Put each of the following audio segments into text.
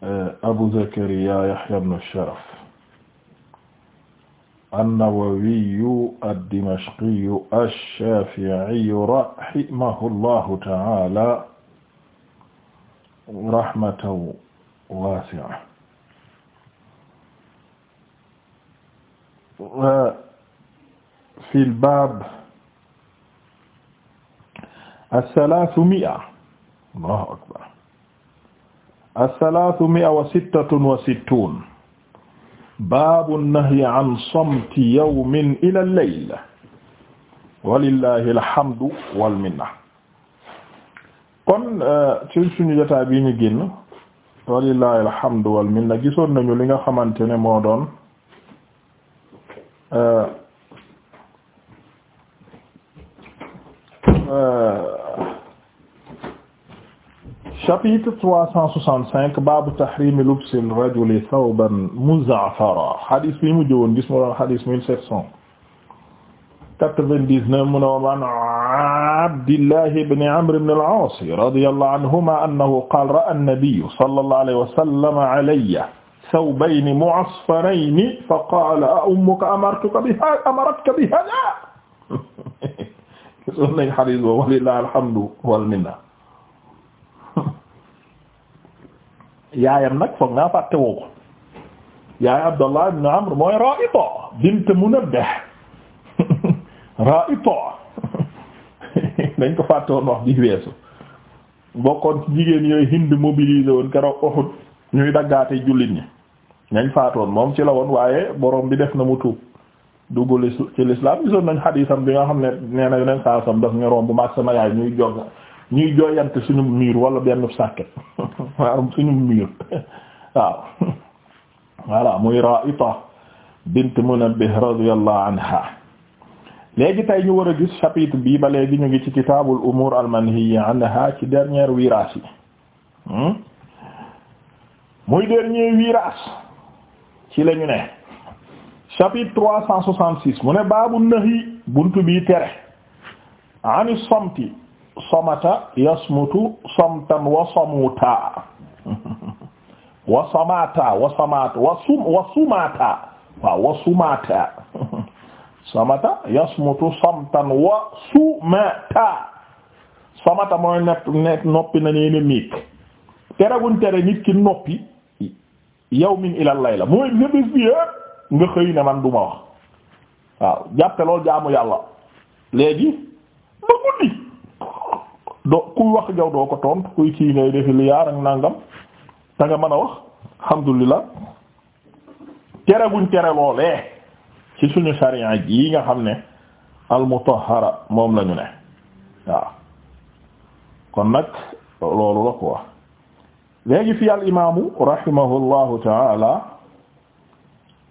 Eh, Abu Zakariya Yahya ibn Sharaf an-Nawawiyu ad-Dimashqiyu ash-Shafi'iyu rahimahullahu ta'ala rahmatan waasi'a eh, fi al-baab ath-thalaathmi'a Allahu akbar asalaasu mi'a wa sittatun wa sittuun baabu nahyi an samti yawmin ila al-layl walillahi alhamdu wal minna kon euh, ci suñu jotaay bi ñu génn walillahi alhamdu wal minna gisoon nañu li nga xamante ne moo doon euh, euh, chapitre trois cent soixante-cinq baabu tahrimi lubsi rajuli thawban muza'fara xadis bi mu jëwoon gis mu doon xadis mille sept cent quatre-vingt-dix-neuf mu ne waan Abdillahi ibn Amr ibn al-Aas radiyallahu anhuma annahu qaala ra'a an-nabiyyu sallallahu alayhi wa sallam alayya thawbayni mu'asfarayni faqaala a ummuka amartuka bi haadha amaratka bi haadha gisoon nañ xadis boobu walillahi alhamdu wal minna yaayam nag foog naa fàtte woo ko yaay Abdallah ibn Amr mooy Ra'ita bint Munabbih Ra'ita dañ ko fàtte wax bi weesu bokkoon ci jigéen yooyu Hind mobilisé woon keroog Uhud ñuy daggaate jullit ñi ñañ faatoon moom ci la woon waaye boroom bi def na mu tuub dugg ci l'islam gisoon nañ xadiisam bi nga xam ne nee na yeneen saa sam daf ñu romb maag sama yaay ñuy jog ñuy jooyante suñu miir wala benn sàkket waarum suñu miir waaw voilà muy Ra'ita bint Munabbih radiyallahu anha léegi tey ñu war a gis chapitre bii ba léegi ñu ngi ci kitaabul umuur al-manhiyyi anha ci dernière virage yi hmm? muy dernier virage ci la ñu ne chapitre trois cent soixante six mu ne baabu nahi ani somti somata yasmutu samtan wa samuta wa samata wa samata wa sum wa sumata waaw yasmutu samtan wa sumata samata mooy nepp nekk noppi na ne miig terewuñ tere nit ki noppi yawmin ilal layla mooy nebis bi nga xëy ne man duma wax waaw jàppe loolu jaamu yàlla léegi ba guddi doo kuy wax jaw doo ko tontu kuy kii ngay defi li ak nangam da nga mën a wax alhamdulilah tere buñ tere loolee ci suñu sariya yi nga xam ne almutahara moom lañu ne waaw kon nag loolu la ko wax léegi fi al imaamu rahimahullahu taala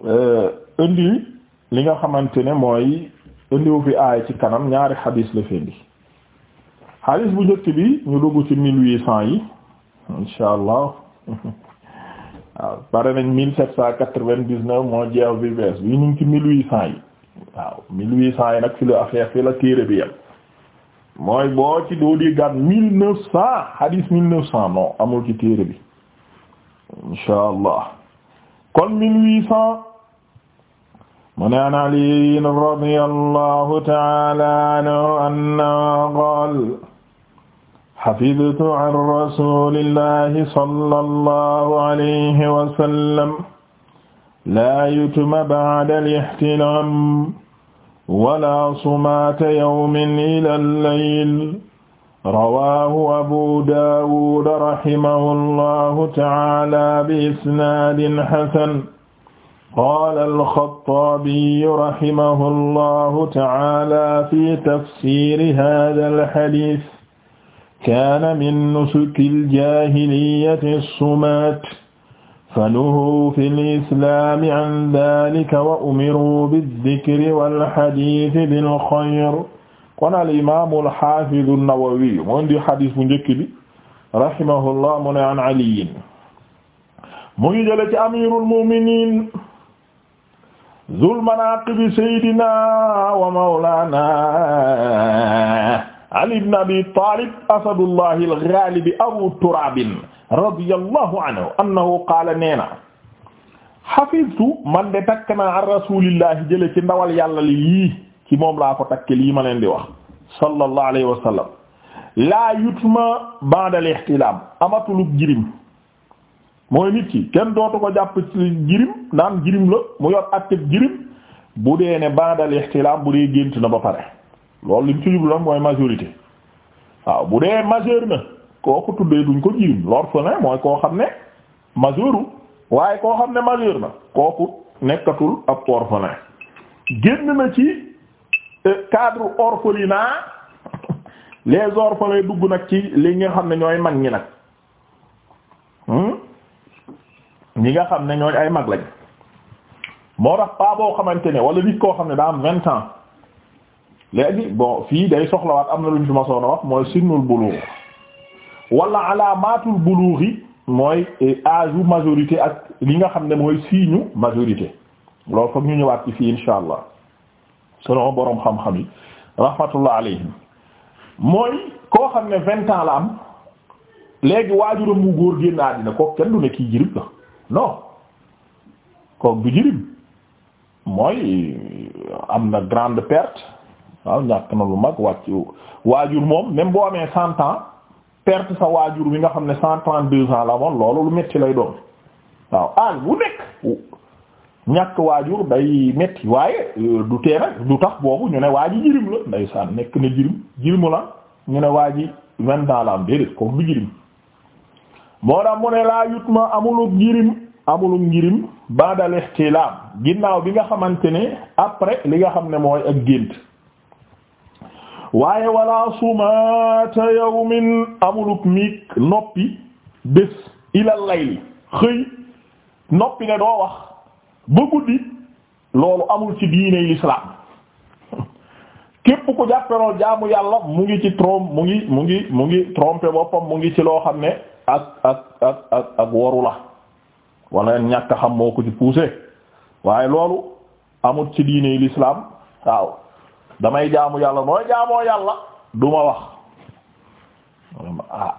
euh, indi li nga xamante ne mooy indiwu fi aaya ci kanam ñaari xadiis la fi hadis bu njëkk bi ñu dugg ci mille huit cent yi insha allah waaw pare nañ mille sept cent quatre vingt dix moo jeex bi bees bi ñu ngi ci mille huit cent yi waaw mille huit cent yi nag fi la affaire fi la téere bi yem mooy boo ci doo di gàtt neuf cent hadis mille neuf cent non amul ci téere bi insha allah kon mille huit cent mu ne an Ali radiyallahu ta'ala anhu anna qala xafidtu an rasulillahi sallallahu alayhi wa sallam laa yutma ba'da al-ihtilaam wala sumaata yawmin ilal layl rawaahu abu daawud rahimahullahu ta'aala bi isnaadin hasan qaala al-xattaabi rahimahullahu ta'aala fi tafsiiri haadhal hadiis kaana min nusukil jaahiliyyati sumaat fanuhuu fil islaami an daalika wa umiruu biddikri wal hadiisi bil xayr kon al imaamu al xaafidu nawawi moo indi xadis bu njëkk bi rahimahullah mu ne an aliyin mu ngi jële ci amiirul mu'miniin zul manaaqibi sayyidinaa wa mawlaanaa Ali ibn Abi Talib asadullahi al-ghalib Abu Turab radiyallahu anhu annahu qaala neena hafiztu man de takk naa an rasulillahi jële ci ndawal yàlla li lii ci moom laa ko takke lii ma leen di wax sallallahu alayhi wa sallam laa yutma ba'da al-ihtilam amatulub jirim mooy nit ki kenn dootu ko jàpp ci jirim naan jirim la mu yor atteb jirim bu dee ne ba'da al-ihtilam bu dee gént na ba pare loolu li mu ci jublu nag mooy majorité waaw bu dee majeur na kooku tuddee duñ ko jirim l'orphelin mooy koo xam ne majeuru waaye koo xam ne majeur na kooku nekkatul ab orphelin génn na ci euh, cadre orphelinat les orphelins dugg nag ci li nga xam ne ñooy mag ñi nag hmm? ñi nga xam ne ñooy ay mag lañ moo tax pas xamante ne wala nit koo xam ne daa am vingt ans léegi bon fii day soxlawaat am na lu ñu fi ma soona wax mooy sinnul bulugh wala alaamaatul bulugh mooy eh, âge majorité ak li nga xam ne mooy signe majorité loolu foog ñu ñëwaat ci fii insha allah selon boroom xam-xam yi rahmatullah alayhim mooy koo xam ne vingt ans la am léegi waajuram mu góor génn àddina kook kenn du ne kii jirib la non kook du jirib mooy am na grande perte waaw ñàkk na lu mag wàcc waajur moom même boo amee cent ans perte sa waajur wi nga xam ne cent trente-deux ans la moon loolu lu metti lay doon waaw âge bu nekk ñàkk waajur day metti waaye euh, du tee du tax boobu ñu ne waa ji jirim la ndeysaan nekk na jirim jirimu la ñu ne waa ji vingt la am déedéet kooku du jirim moo tax mu ne laa yut ma amulub njirim amulub njirim badal ihtilam ginnaaw bi nga xamante ne après li nga xam ne mooy ak gént waaye wala sumaata yawmin amulub miig noppi bés ilal layli xëy noppi ne doo wax ba guddi loolu amul ci diine l'islam képp ku jàpperool jaamu yàlla mu ngi ci trompe mu ngi mu ngi mu ngi tromper boppam mu ngi ci loo xam ne ak ak ak ak woru la wala ñàkk xam moo ko ci poussé waaye loolu amut ci diine l'islam waaw damay jaamu yàlla mooy jaamoo yàlla duma wax ma ah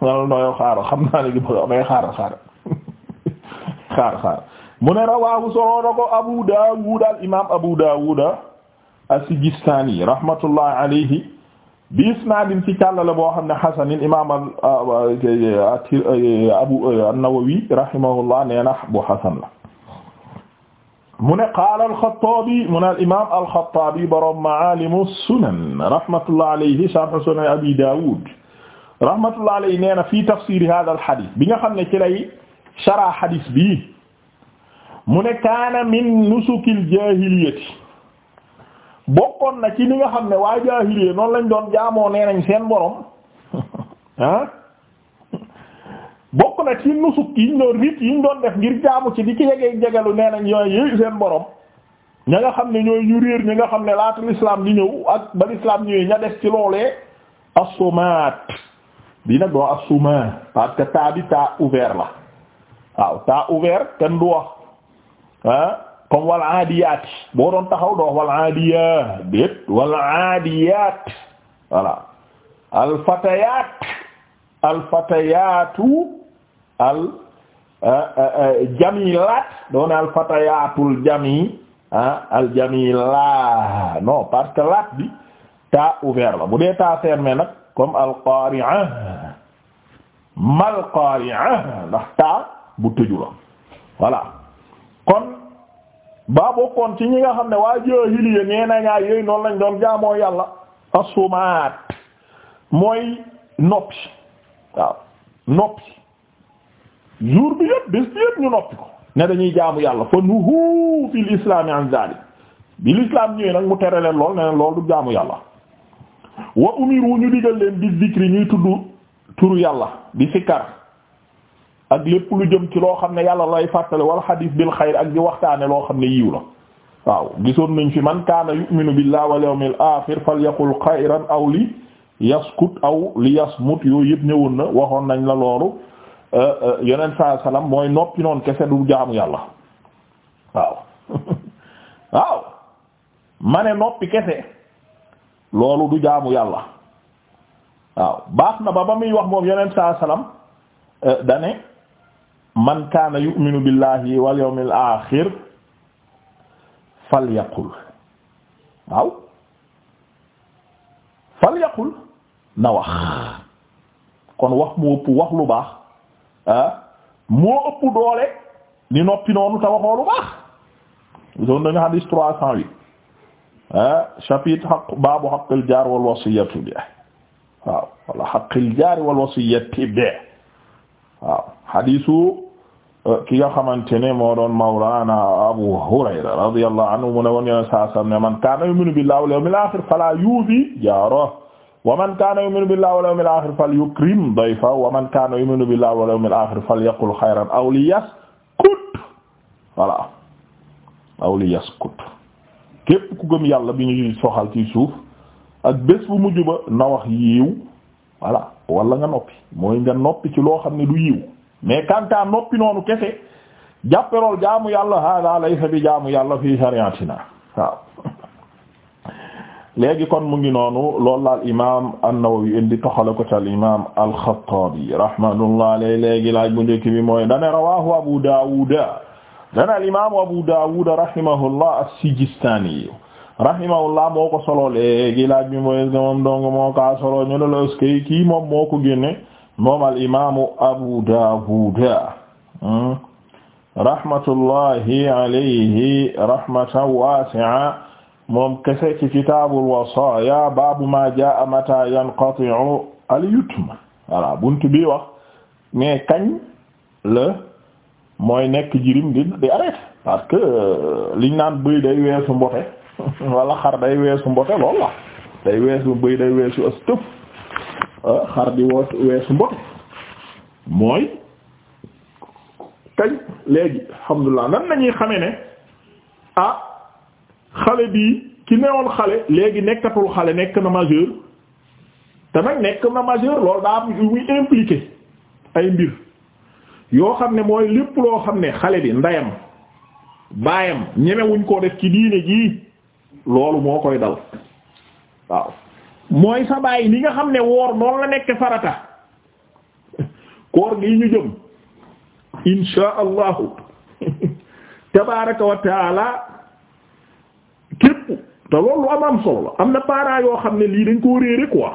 wala nooyo xaaral xam naa ne li ma nooy xaaral xaaral xaar xaar mu ne rawaahu solo na Abu Dawud al imaam Abu Dawud as-Sijistani rahmatullahi alayhi bi isnaadin ci càllale boo xam ne xasanin imaam ah, eh, eh, eh, Abu An-Nawawi rahimahullah nee bu xasan la. mu ne qaala alxattaabi mu ne alimaam alxattaabi borom maalimu sunan rahmatullah alayhi sharh sunan abi daawud rahmatullah alayhi nee na fii tafsiri hada alxadis bi nga xam ne ci lay sharaa xadis bii mu ne kaana min nusukil jaahiliyati bokkoon na ci li nga xam ne waa jaahiliya noonu lañ doon jaamoo nee nañ seen borom ah bokk na ci nusuk yiñ doon rit yiñ doon def ngir jaamu ci di ci yegee jegelu nee nañ yooyu seen borom ña nga xam ne ñooy ñu réer ñi nga xam ne laata l'islam di ñëw ak ba l'islam ñëwee ña def ci loolee assumaat bi nag doo assuma parce que taa bi taa ouvert la waaw taa ouvert kenn du wax ah comme wal aadiyaat boo doon taxaw doo wax wal aadiyaat wala wal aadiyaat voilà al eh, eh, eh, jamilaat doon al fatayaatul ah, al jamilaa non parce que laat bi taa ouvert la bu dee taa fermé nag comme al qari'a mal qari'a ndax taa bu tëju la voilà kon ba ci ñi nga xam ne waa jaahiliya nee na ñaa yooyu noonu lañ doon jaamoo yàlla asumaat mooy noppi waaw noppi jour bi yëpp bés bi yëpp ñu noppi ko ne dañuy jaamu yàlla fa nuhu fil islami an zalik bi l'islam ñëwee nag mu tere leen lool ne lool du jaamu yàlla wa umiru ñu digal leen bi zikri ñuy tudd turu yàlla di sikkar ak lépp lu jëm ci loo xam ne yàlla lay fàttale wal xadiis bil xayr ak di waxtaane loo xam ne yiw la waaw gisoon nañ fi man kaana yu'minu billahi wal yawmil aaxir falyaqul xayran aw li yaskut aw li yasmut yooyu yëpp ñëwoon na waxoon nañ la loolu Euh, euh, yonent saa salaam mooy noppi noonu kese du jaamu yàlla waaw waaw ma ne noppi kese loolu du jaamu yàlla waaw baax na ba ba muy wax moom yonent saa salaam euh, dane man kaana yu'minu billahi wal yawmil aaxir falyaqul waaw falyaqul na wax kon wax mu ëpp wax lu baax ah moo ëpp doole di noppi noonu te waxoo lu baax zone nañu hadis trois cent huit ah chapitre xaq baabu xaqil jaar wal wasiyati bi waaw wala xaqil jaar wal wasiyati bi waaw hadisu eh, ki nga xamante ne moo doon mawlaana Abu Hurayra radiyallahu anhu mu ne woon yoneen saa sallam ne man kaana yuminu billahi wal yawmil aaxir fala yuusi jaarahu wa man kaana yu'minu billahi wal yawmil akhir falyukrim dayfahu wa man kaana yu'minu billahi wal yawmil akhir falyaqul khayran aw liyaskut voilà aw liyaskut képp ku gëm yàlla bi ñu soxal ci suuf ak bés bu mujj ba na wax yiiw voilà wala nga noppi mooy nga noppi ci loo xam ne du yiw mais kanta noppi noonu kese jàpperool jaamu yàlla hada laysa bi jaamu yàlla fi shariatina waaw léegi kon mu ngi noonu loolu laal imaam an-Nawawi indi toxale ko ci al imaam al-Xattaabi rahmatullahi alayhi léegi laaj bu njëkk bi mooy dana rawaahu Abu Daawud dana al imaam Abu Daawud rahimahullah as-Sijistaani rahimahullah moo ko solo léegi laaj bi mooy moom dong moo kaa solo ñu ne la ëskay kii moom moo ko génne moom al imaamu Abu Daawud hmm? rahmatullahi alayhi rahmatan waasi'a moom kese ci kitaabul wasaaya baabu ma jaa mata yanqati'u al yutm voilà buntu bi wax mais kañ la mooy nekk jirim di di arrêté parce que euh, liñ naan bëy day weesu mbote wala xar day weesu mbote lool la day weesu bëy day weesu as euh, xar di weesu mbote mooy kañ léegi alhamdulilah nan nañuy xame ne ah xale bii ki newoon xale léegi nekkatul xale nekk na majeur te nag nekk na majeur loolu daa am muy impliqué ay mbir yoo xam ne mooy lépp loo xam ne xale bi ndeyam baayam ñemewuñ koo def ci diine jii loolu moo koy dal waaw mooy sa baay li nga xam ne woor noonu la nekk farata koor gi ñu jëm insha allahu tabaraka wa taala te loolu lu am am solo la am na parent yoo xam ne lii dañ koo réere quoi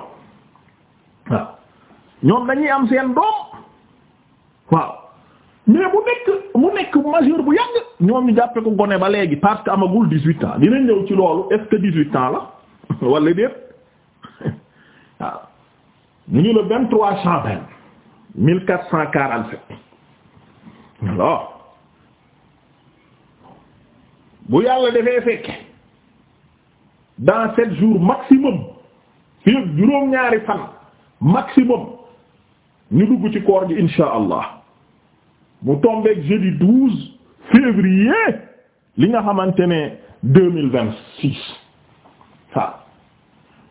waaw ñoom dañuy am seen doom waaw mais bu nekk mu nekk majeur bu yàgg ñoom ñu jàppe ko gone ba léegi parce que amagul dix-huit ans dinañ ñëw ci loolu est-ce dix-huit ans la wala déet waaw ñu ngi le vingt-trois Chaban mille quatre cent quarante-sept alors bu yàlla defee fekke dans sept jours maximum fii juróom-ñaari fan maximum ñu dugg ci koor gi insha allah mu tombeeg jeudi douze février li nga xamante ne deux mille vingt six waaw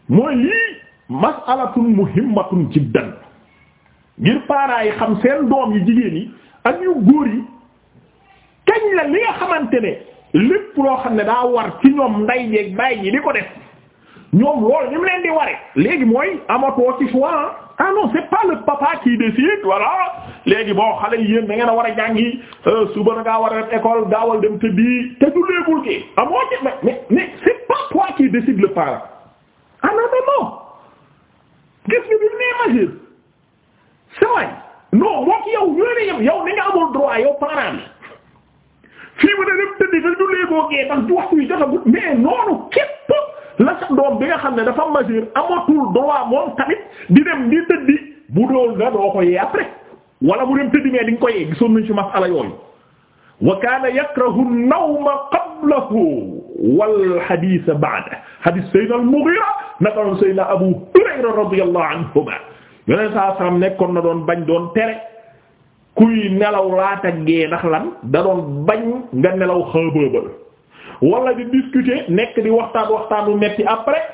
mooy lii mas'alatun muhimmatun jiddan ngir parents yi xam seen doom yi jigéen yi ak yu góor yi kañ la li nga xamante ne. lépp loo xam ne daa war ci ñoom nday jeeg bàyyi ji di ko def ñoom loolu ñu leen di ware léegi mooy amatoo ci choix ah. ah non c'est pas le papa qui décide voilà léegi bon xale yi yéen da ngeen a war a jàngi euh, suba da ngaa war a def école gaawal dem te bii te du léegul kii amoo ci mais mais c'est pas toi qui décide le parent ah non mais gis nga bi mu nee majeur c'est vrai non mbokk yow ñoo ne yow da nga amul droit yow parent bi. fii mu ne dem tëddi te jullee koo gee tax waxtu yi jotagut mais noonu képp la sa doom bi nga xam ne dafa majeur amatul droit moom tamit di dem di tëddi bu dool nga doo ko yee après wala mu dem tëddi mais di nga ko yee gisoon nañ ci masala yooyu wa kaana yakrahu an-nawma qablahu wal hadith ba'da hadith sayyidina al-Mughira naka noon sayyidina Abu Hurayra radiyallahu anhuma yoneen saa saam nekkoon na doon bañ doon tere kuy nelaw laata gee ndax lan da doon bañ nga nelaw xaabaabal wala di discuter nekk di waxtaan waxtaanu metti après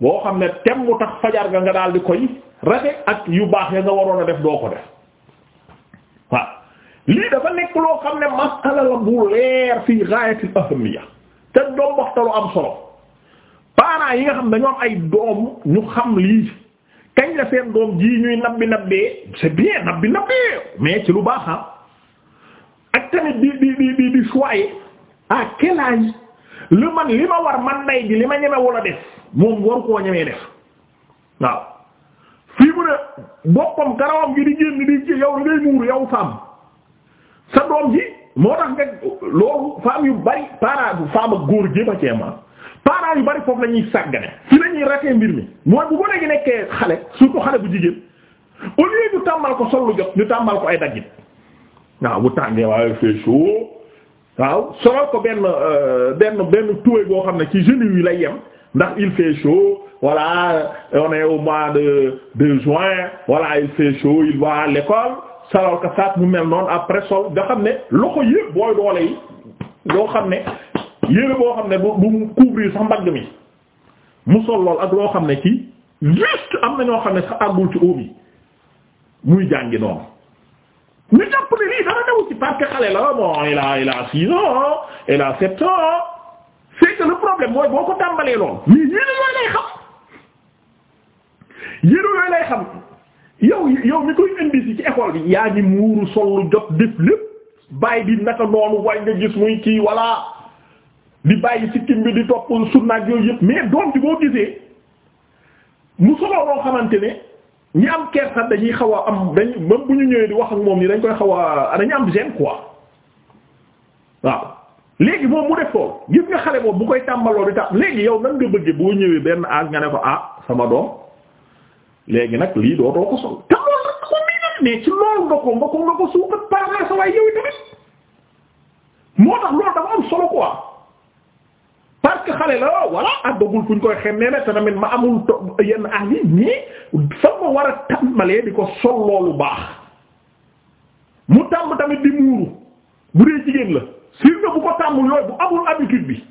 boo xam ne tem mu tax fajar nga daal di koy rate ak yu baax ya nga waroon a def doo ko def waaw lii dafa nekk loo xam ne masala la bu leer fii gaayatil ahamiya te doom waxtalu am solo parents yi nga xam dañoo am ay doom ñu xam lii kañ la seen doom ji ñuy nabbi nabbee c'est bien nabbi nabbee mais ci lu baax ah. ak tamit di di di di di choyer à lu man li ma war man nay ji li ma ñeme wala def moom waru koo ñemee def waaw fii mu ne boppam karawam gi di génn di yow li ngay muur yow femme sa doom ji moo tax nga loolu femme yu bari parent bu ak góor jéem a parents yu bari foofu la ñuy sàggane ci la ñuy mbir mi mooy bu ko léegi nekkee xale surtout xale bu jigéen au lieu ñu tàmbal ko sol lu jot ñu tàmbal ko ay daggit waaw bu tàngee waaye fait chaud waaw solal ko benn euh, benn benn tuwe boo xam ne ci genoux yi lay yem ndax il fait chaud voilà on au mois de de juin voilà il fait chaud il va à l'école solal ko saak mu mel noonu après sol nga xam ne loxo yëpp booy doole yi yoo xam ne yére boo xam ne du du couvrir sax mbagg mi mu sol lool ak loo xam ne ci juste am na ñoo xam ne sax àggul ci óom muy jàngi noonu ñu jàpp ne lii dara dew ci parce xale la bon il a il a six ans il a sept ans problème mooy boo ko tàmbalee lool yére yooyu lay xam yére yooyu lay xam yow yow mi koy indi si ci école bi yaa ngi muuru sol jot def lépp bàyyi di naka noonu wañ nga gis muy kii walla di bàyyi sikkim bi di topp sunnaak yooyu yëpp mais doom ji boo gisee mu solo xamante ne ñi am kersa dañuy xaw a am dañ même bu ñu ñëwee di wax ak moom ni dañ koy xaw a dañu am gêne quoi waaw léegi moom mu def lool gis nga bu koy tàmbaloo di tàmb léegi yow nan nga bëggee boo ñëwee benn âge nga ne ko ah sama doom léegi nag lii dootoo ko sol te loolu rek ko miinam mais ci loolu nga ko nga ko nga ko suukat par rapport sa moo tax loolu dafa am solo quoi. parce que xale la voilà àggagul fu ñu koy xemmee ne te tamit ma amul yenn ah yi ñii fa ma war a di ko sol loolu baax mu tàmb tamit di muuru bu dee jigéen la surtout bu ko tàmbul yooyu bu amul habitude bi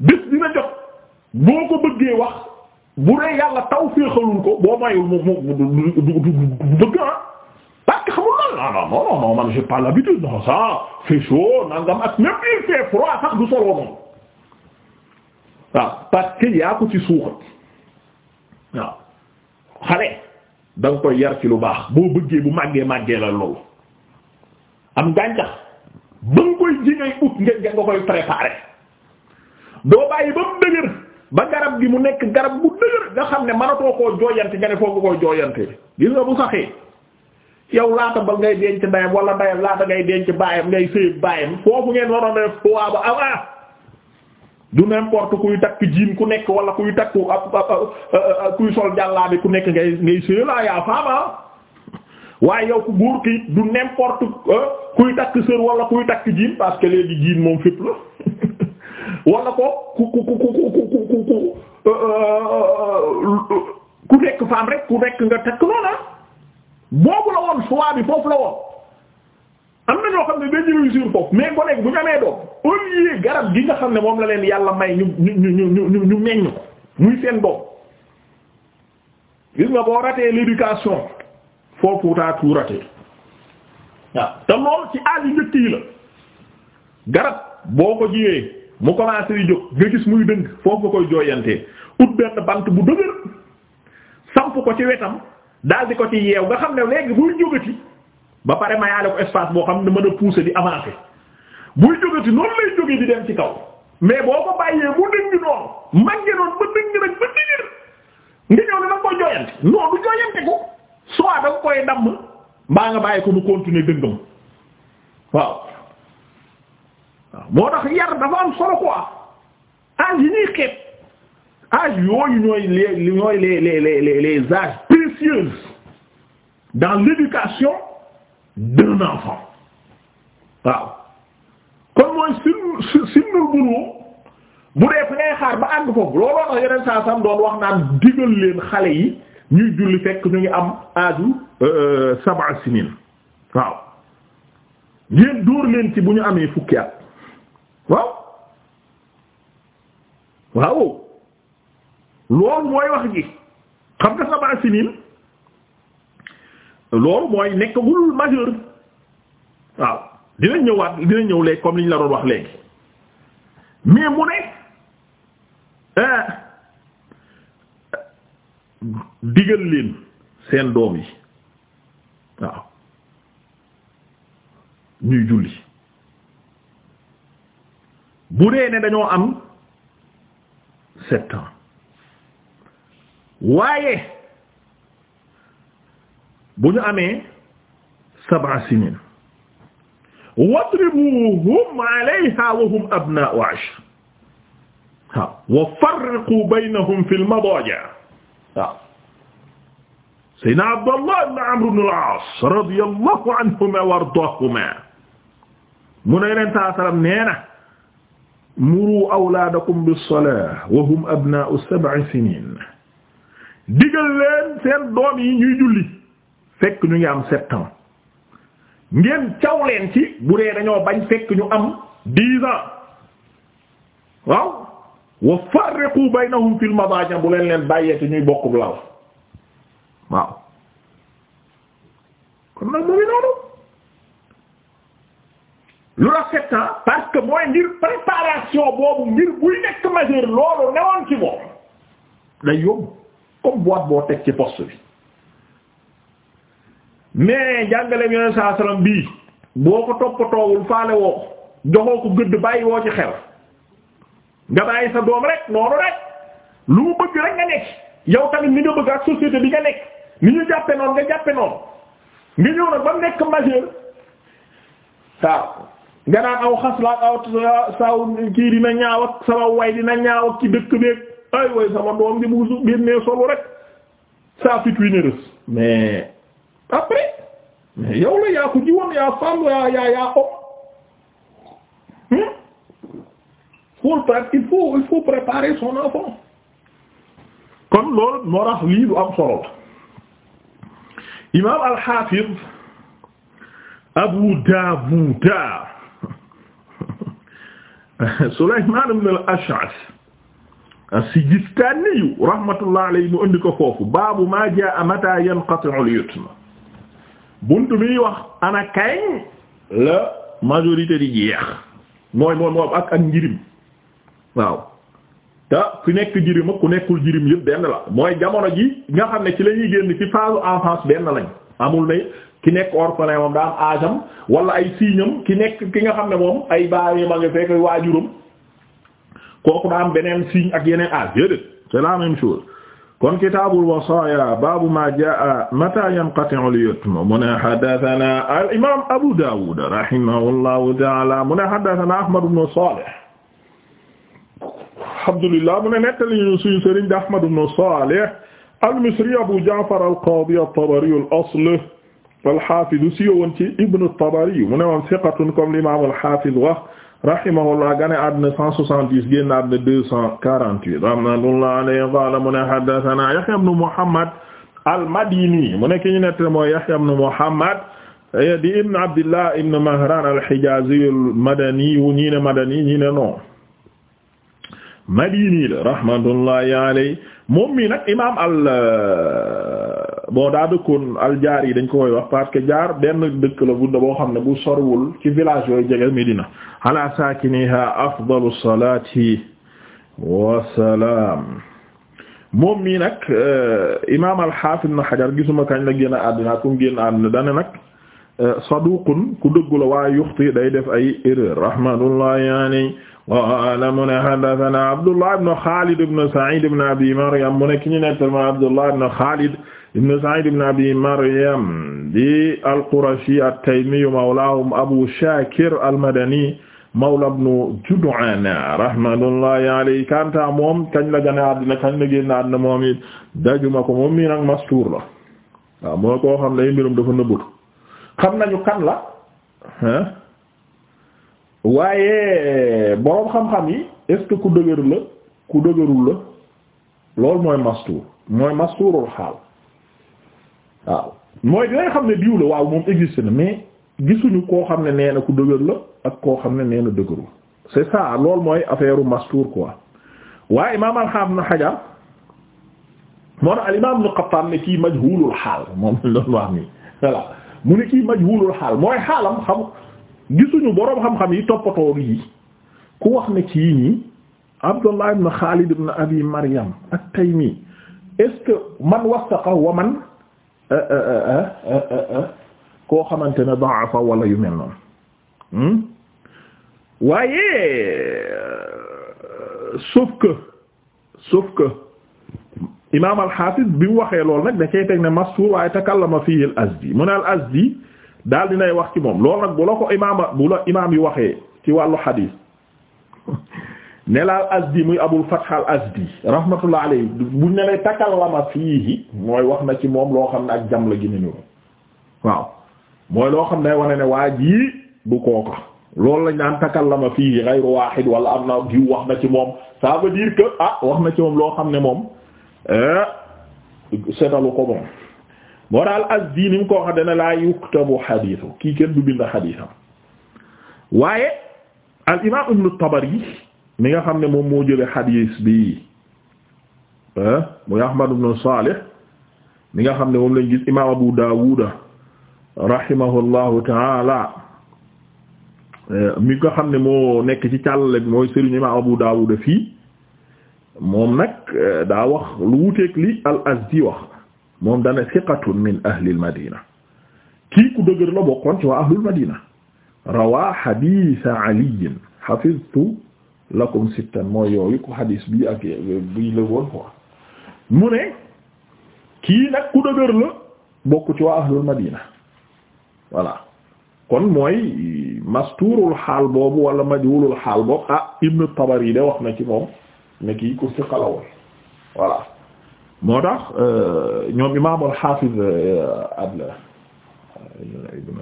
bés dina jot boo ko bëggee wax bu dee yàlla taw ko boo mayul mu bëgg ah parce xamul lan ah, non non non man j'ai pas l'habitude non ça fait chaud nangam ak même il fait froid sax du solo waaw parce que yaa ko ci suuxat waaw xale da koy yar ci lu baax boo bëggee bu màggee màggee la loolu am gàncax ba nga koy ji ngay ut nga nga koy préparer doo bàyyi ba mu dëgër ba garab gi mu nekk garab bu dëgër nga xam ne mënatoo koo jooyante nga ne foo nga koy jooyante gis nga bu saxee yow laata ba ngay denc ndayam wala ndayam laata ngay denc baayam ngay sëy baayam foofu ngeen waroon a def waa ba ah, ah du n'importe kuy takk jiin ku nekk wala kuy takk ab kuy sol jàllaabi ku nekk ngay ngay sëylaa yaa faama waaye yow ku góor ki du n'importe euh, kuy takk sër wala kuy takk jiin parce que léegi jiin moom fit la wala ko ku ku ku ku ku ku ku euh, euh, nekk femme rek ku nekk nga takk noona boobu la woon choix foofu la woon na xam ne dañuy réussir foofu mais gone bu ñu amee doom au lieu garab gi nga xam ne moom la leen yàlla may ñu ñu ñu ñu ñu meññ ko muy seen doom gis nga boo ratee l'éducation foofu taatu ratee waaw te lool ci aal yu njëkk la garab boo ko jiwee mu commencé di jóg nga gis muy dëng foofu nga koy jooyantee ut benn bant bu dëgër samp ko ci wetam daal di ko ci yeew nga xam ne léegi buy jógati ba pare mayaale ko espace boo xam ne mën a pousser di avancer buy jógati noonu lay jógee di dem ci kaw mais boo ko bàyyee mu dëng noonu màggee noonu ba dëng nag ba dëgër nga ñëw ne da nga koy jooyante non du ko soit da koy damm mbaa nga bàyyi ko mu continuer dëngam waaw waaw moo tax yar dafa am solo quoi âge yi ñuy xeet âge yooyu ñooy les ñooy les les les les âges précieux dans l'éducation deux enfants waaw kon mooy sin sinnul buluu bu dee fi ngay xaar ba àgg foofu looloo tax yeneen saa sam doon wax naan digal leen xale yi ñuy julli fekk ñu ngi am aju euh, euh, sab'a sinin waaw ngeen dóor leen ci bu ñu amee fukki at waaw waaw loolu mooy wax ji xam nga sab'a sinin loolu mooy nekkagul majeur waaw dina ñëwaat dina ñëw léegi comme liñ la doon wax léegi mais mu ne ah, digal leen seen doom yi waaw ñuy julli bu dee ne dañoo am sept waaye bu ñu amee sab'a sinin wadribuhum alayha wa hum abna'u ashr waaw wa farriqu baynahum fil madaji' waaw sayyidina Abdallah ibn Amr ibn al-As radiyallahu anhuma wa ardaahuma mu ne leen saa salaam nee na muru awlaadakum bis-salaati wa hum abnaa'u sab'i sinin digal leen seen doom yi ñuy julli fekk ñu ngi am sept ngeen caw leen ci bu dee dañoo bañ fekk ñu am dix ans waaw wa farriqu baynahum fil madaaji' bu leen leen bàyyee te ñuy bokkub laal waaw kon nag mu ngi noonu lu la sept ans mooy ngir préparation boobu ngir buy nekk majeur loolu newoon ci moom day yóbbu comme boîte boo teg ci poste bi mais jàngaleem bi boo ko toppatoowul faale woo joxoo ko gëdd bàyyi woo ci xel nga bàyyi sa doom rek noonu rek lu mu bëgg rek nga nekk yow tamit ni nga bëgg ak société bi nga nekk ni ñu jàppe noonu nga jàppe noonu nga ñëw nag ba nekk majeur waaw nga naan aw xaslaak aw saw kii dina ñaaw ak sama way dina ñaaw ak ci dëkk beeg ay way sama doom di bu génnee solu rek saa fit wi ne rës mais après mais yow la yaa ko jiwoon yaa femme yaa yaa yaa homme pour hmm? il faut il faut préparer son enfant kon loolu moo lu am solo Abu Dawud Sulaymaan ibn al-Ash'ath as-Sijistani rahmatullah alayhi mu indi ko foofu baabu ma jaa mata yanqati'u al-yutm bunt bi wax ana kañ la majorité di jeex mooy mooy mooy ak ak njirim waaw te ku nekk jirim ak ku nekkul jirim yëpp benn la mooy jamono ji nga xam ne ci lañuy ñuy génn ci phase enfance benn lañ amul ne ki nekk orphelin moom daa am wala ay siiñam ki nekk ki nga xam ne moom ay baayam a nga fekk waajuram kooku daa beneen signe ak yeneen âge yédét c'est la même chose kon kitaabul wasaaya baabu maa jaa mataa yanqati'u al-yutm mu ne haddasanaa al-imaam Abu Daawuud rahimahullahu ta'aala mu ne haddasanaa Ahmad ibn Saalih alhamdulillah mu ne nettali ñu suñu sëriñ di Ahmad ibn Saalih al-Misri Abu Ja'far al-Qaadi at-Tabari al-asl al-haafiz siiwoon ci Ibn at-Tabari mu ne woon siqatun comme l'imam al-haafiz wax rahimahullah gane àdduna 170 génn àdduna 248 rahmatullah alayhi qala mu ne haddathana Yahya ibn Muhammad al-Madini mu ne ki ñu nettali mooy Yahya ibn Muhammad di ibn Abdillah ibn Mahran al-Hijazi al-Madani ñii ne Madani ñii ne non Madini la rahmatullahi alayhi moom mi nag imam al bon daa dëkkoon aljaar yi dañ ko wax parce que jaar benn dëkk la bu boo xam ne bu sorwul ci village yooyu jege Medina ala saakiniha afdalu salaati wasalaam moom mii nag euh, imaam al-Hafiz Ibn Hajar gisuma kañ la génn àddina ku mu génn àddina dana nag euh, saduqun ku dëggu la waaye yuxti day def ay erreur rahmatullah yaani wala mu ne haddathana Abdullah ibn Khalid ibn Sa'id ibn Abi Maryam mu ne ki ñu nettal Abdullah ibn Khalid ibn Sa'id ibn Abi Maryam di al-Qurashi at-Taymi mawlaahum Abu Shakir al-Madani mawla ibn Jud'an rahmatullahi alayhi kanta moom kañ la gane àddina kañ la génn àddina moom it dajuma ko moom mii mastuur la waaw moo koo xam ne ay dafa nëbbut xam nañu kan la waaye boroom xam-xam yi est que ku dëgër la ku dëgërul la loolu mooy mastuur mooy mastuurul xaal waaw mooy dinañ xam ne diw la waaw moom existe na mais gisuñu koo xam ne nee na ku dëgër la ak koo xam ne nee na dëgëru c'est ça loolu mooy affaire mastour quoi waaye imaam alxaam na xajar moo na ne kii majhuulul xaal mu ne kii majhuulul xaal mooy xaalam xam gisuñu boroom xam-xam yi toppatoo yi ku wax ne kii nii Abdullah ibn Xaalid ibn Abi Maryam at-Taymi est-ce que man wasaqa wa man Eh, eh, eh, koo xamante ne daafa wala yu mel noonu hmm? waaye euh, sauf que sauf que imaam al-Hafiz bi waxee loolu nag da cay teg ne mastur waaye takallama fihi al-Azdi mu ne al-Azdi daal dinay wax ci moom loolu nag bu la ko imaam bu waxee ci wàllu xadiis nela asdi muy abul fath al asdi rahmatullah alayhi buñ ne takallama fiihi mooy wax na ci moom loo xam ne ak jam la gi nañu waaw mooy loo xam ne wane ne waa jii bu kooka loolu lañ naan takallama fiihi ghayru wahid wala am na diw wax na ci moom ça veut dire ah wax na ci moom loo xam ne moom eh, setalu ko moom moo daal asdi ni mu ko xam laa yuktabu hadithu kii kenn du bind haditham waaye al imam ibn tabari mi nga xam ne moom moo jële xadiis bi ah, muy Ahmad ibn Salih mi nga xam ne moom lañ gis imaam Abu Daawuda rahimahullahu taala mi nga xam ne moo nekk ci càllale bi mooy sëriñ imaam Abu Daawuda fii moom nag daa wax lu wuteeg li al-Azdi wax moom dana thiqatun min ahli al-Madina kii ku dëgër la bokkoon ci waa ahli al-Madina rawaa xadiisa aliyin xafiztu lakum sittan mooy yooyu ko hadis bi ak bi la woon quoi mu ne kii nag ku dëgër la bokk ci waa ahlul madina voilà kon mooy masturul xaal boobu wala majhulul xaal boobu ah ibnu tabari de wax na ci moom ne kii ku si xalawoon voilà moo tax euh, ñoom imaamul xaafiz euh, adla euh, ibn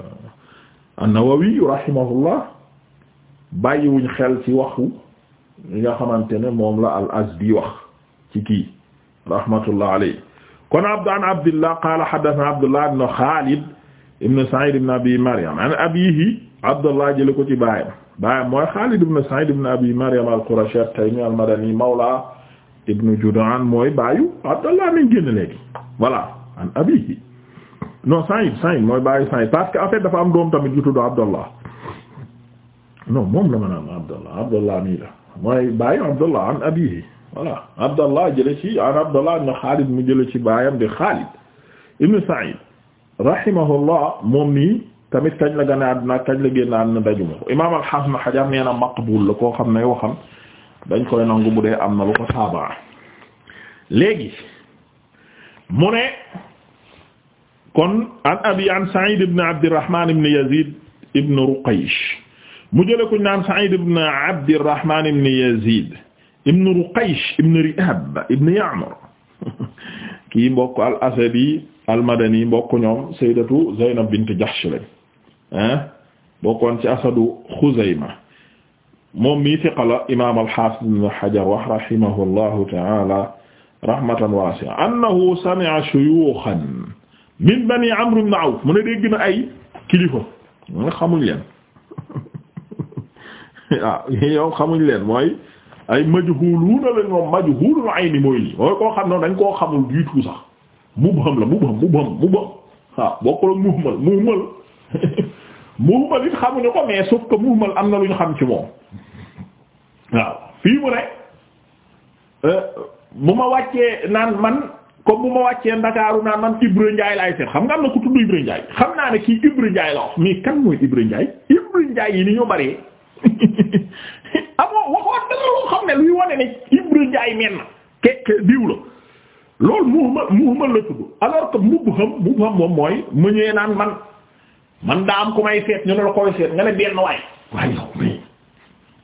an-Nawawi rahimahullah xel ci waxu li nga xamante ne moom la al azdi wax ci kii rahmatullah alayhi kon an abdullah ibn khalid ibn sa'id ibn abi maryam an abihi abdullah jële ko ci baayam baayam mooy khalid ibn sa'id ibn abi maryam al qurashi at-taymi al madani mawla ibn judan mooy baayu abdullah nañ génn léegi an abihi non sa'id sa'id mooy baayu sa'id parce que dafa am doom tamit ju tudd abdullah non moom la ma abdullah abdullah mii mooy bàyyi abdullah an abihi voilà abdallah jële ci an abdallah ibn mu jële ci baayam di xaalid ibn sa'id rahimahullah moom nii tamit kañ la gane àdduna kañ la génn àdduna daju ma ko imaam al-Hasan ibn Hajar na maqbul la koo xam ne waxam dañ koy nangu bu dee am na lu ko saabaa léegi mu ne kon an abi an Sa'id ibn Abd al-Rahman ibn Yazid ibn Ruqaysh mu jële ko naan Sa'id ibn Abdirrahman ibn Yazid ibn Ruqaysh ibn Ri'ab ibn Ya'mar kii mbokk al-Asadi al-Madani mbokk ñoom Sayyidatu Zaynab bint Jahsh lañ ah bokkoon ci Asadu Xuzayma moom mii fiqala imaam al-Hafiz ibn Hajar wax rahimahullahu ta'ala rahmatan wasi'a annahu sami'a shuyukhan min bani Amr ibn Awf mu ne dégg na ay kilifa nga xamuñ leen waaw ah, yow xamuñ leen mooy ay majhuluuna la ñoom majhulul ayni mooy lii mooy koo xam ne dañ koo xamul du tout sax mubham la mu mubham mubham waaw ah, bokkul ak muhmal muhmal muhmal it xamuñu ko mais sauf que muhmal am na lu ñu xam ci moom waaw fii mu ne euh, bu ma wàccee naan man comme bu ma wàccee Ndakaaru naan man Ibra Ndiaye laay seet xam nga am na ku tudd Ibra xam naa ne kii Ibra la wax mais kan mooy Ibra Ndiaye yi ni ñu bari amoo waxoon dara loo xam ne luy wane ne Ibra Njaay men na kekk diw la loolu muhmal muhmal la tudd alors que mubham mubham moom mooy mu ñëwee naan man man daa am ku may seet ñu ne la koy seet nga ne benn waay waaye yow mais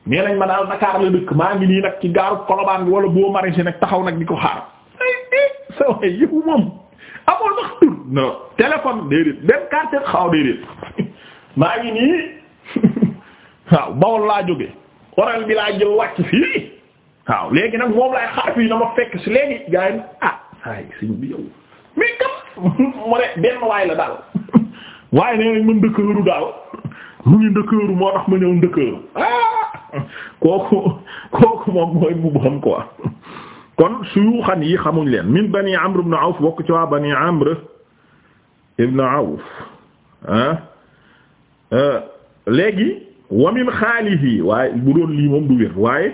nee nañ ma daal Dakar dëkk maa ngi nii nag ci gaaru Colobane bi wala boo maraîcher nag taxaw nag di ko xaar eh, eh, sa waay yëfu moom amul wax tur non téléphone déedéet benn carte xaw maa ngi nii waaw bawol laa jóge oral bi laa jël wàcc fii waaw léegi nag moom laay xaar fii na fekk si léegi gars yi ah ay sëñ bi yow mais kam mu ne benn waay la daal waaye nee nañ ma ndëkkëru daal mu ngi ndëkkëru moo tax ma ñëw ndëkkëru ah! kooku kooku moom mooy mu bon quoi kon suyu yi xamuñ leen min bani Amr ibn Awf bokk ci waa bani Amr ibn Awf ah, euh, léegi wa min xaalihi waaye bu doon lii moom du wér waaye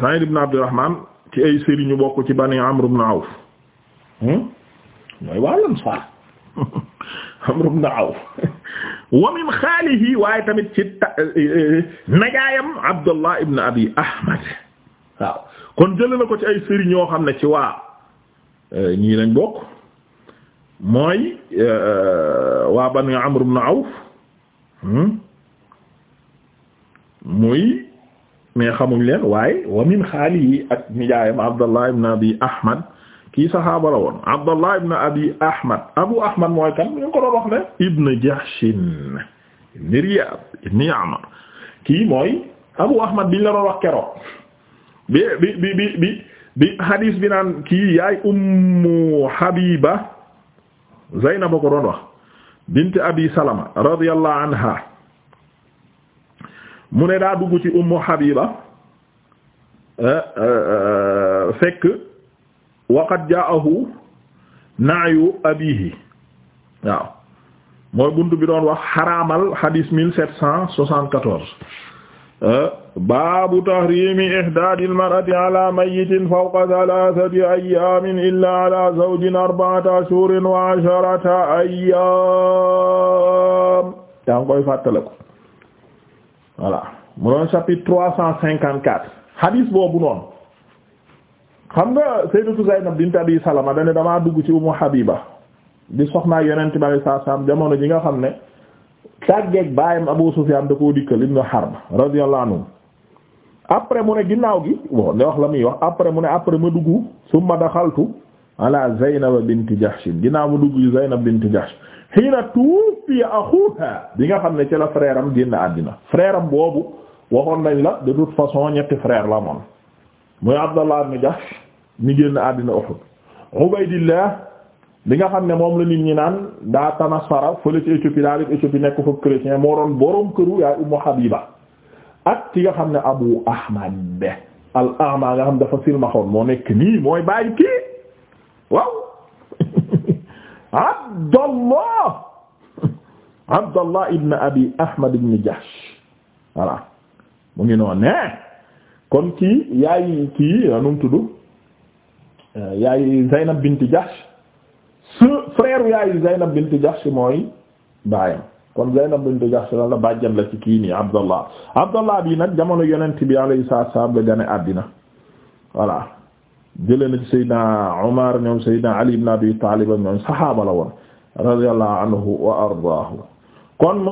Saïd ibn Abdurrahman ci ay sëriñu bokk ci bani Amr ibn Awf hmm? mooy waa Ansaar Amr ibn Awf wa min xaalihi waaye tamit ci eh, eh, najaayam Abdullah ibn Abi Ahmad waaw kon jël na ko ci ay sëriñ yoo xam ne ci waa eh, ñii lañ bokk mooy waa bani Amr ibn Awf hmm? muy mais xamuñ leen waaye wa min xaalihi ak nijaayam abdallah ibn abi ahmad kii saxaaba la woon abdallah ibn abi ahmad abu ahmad mooy kan ñu ko doon wax ne ibn jahshin ibn riyab ibn ya'mar kii mooy abu ahmad biñ la doon wax keroog bi bi bi bi bi bi hadis bi naan kii yaay ummu habiba zaynab ko doon wax bint abi salama radiyallahu anha mu ne daa dugg ci ummu habiba eh, eh, fekk waqad jaahu naayu abihi waaw mooy buntu bi doon wax xaraamal hadis mille sept cent soixante-quatorze eh, baabu tahrimi ihdaadi almarati ala mayitin fawqa thalathati ayaamin illa ala zawjin arba'ata ashhurin wa asharata ayaam yaa ngi koy fàttaliku voilà mu doon chapitre trois cent cinquante quatre hadith boobu noonu xam nga Sayyidatu Zaynab bint Abi Salama dane damaa dugg ci Ummu Habiba di soxnaa yonent bi alayhi salaam jamono ji nga xam ne tàggeeg baayam Abu Sufyaan da koo dikkal ibn Harb radiyallahu anhu après mu ne ginnaaw gi bon ne wax la muy wax après mu ne après ma dugg summa daxaltu ala Zaynab bint Jahsh ginnaaw ma dugg Zaynab bint Jahsh hiina tuufiya axuha bi nga xam ne ci la frère génn àddina frère boobu waxoon nañ la de toute façon ñetti frère la moom muy Abdallah ibn Jahsh mi génn àddina Uhud Ubaydillah bi nga xam ne moom la nit ñi naan daa tanasfara fële ci Éthiopie daa def Éthiopie nekk fa chrétien moo doon boroom këru yaay Ummu Habiba ak ci nga xam ne Abu Ahmad be al ama nga xam dafa silmaxoon moo nekk nii mooy bàyyi kii waaw Abdallah Abdallah ibn Abi Ahmad ibn Jahsh voilà mu ngi noonu ne kon kii yaay kii euh, nu mu tudd euh, yaay Zaynab bint Jahsh su frère yaay Zaynab bint Jahsh mooy baayam kon Zaynab bint Jahsh la bàjjan la ci kii nii Abdallah Abdallah bi nag jamono yonent bi alayhi salaatu wa salaam la gane àddina voilà jëlee na ci Seydina Omar ñoom Seydina Ali ibn Abi Talib ñoom saxaaba la woon radiyallahu anhu wa ardaahu kon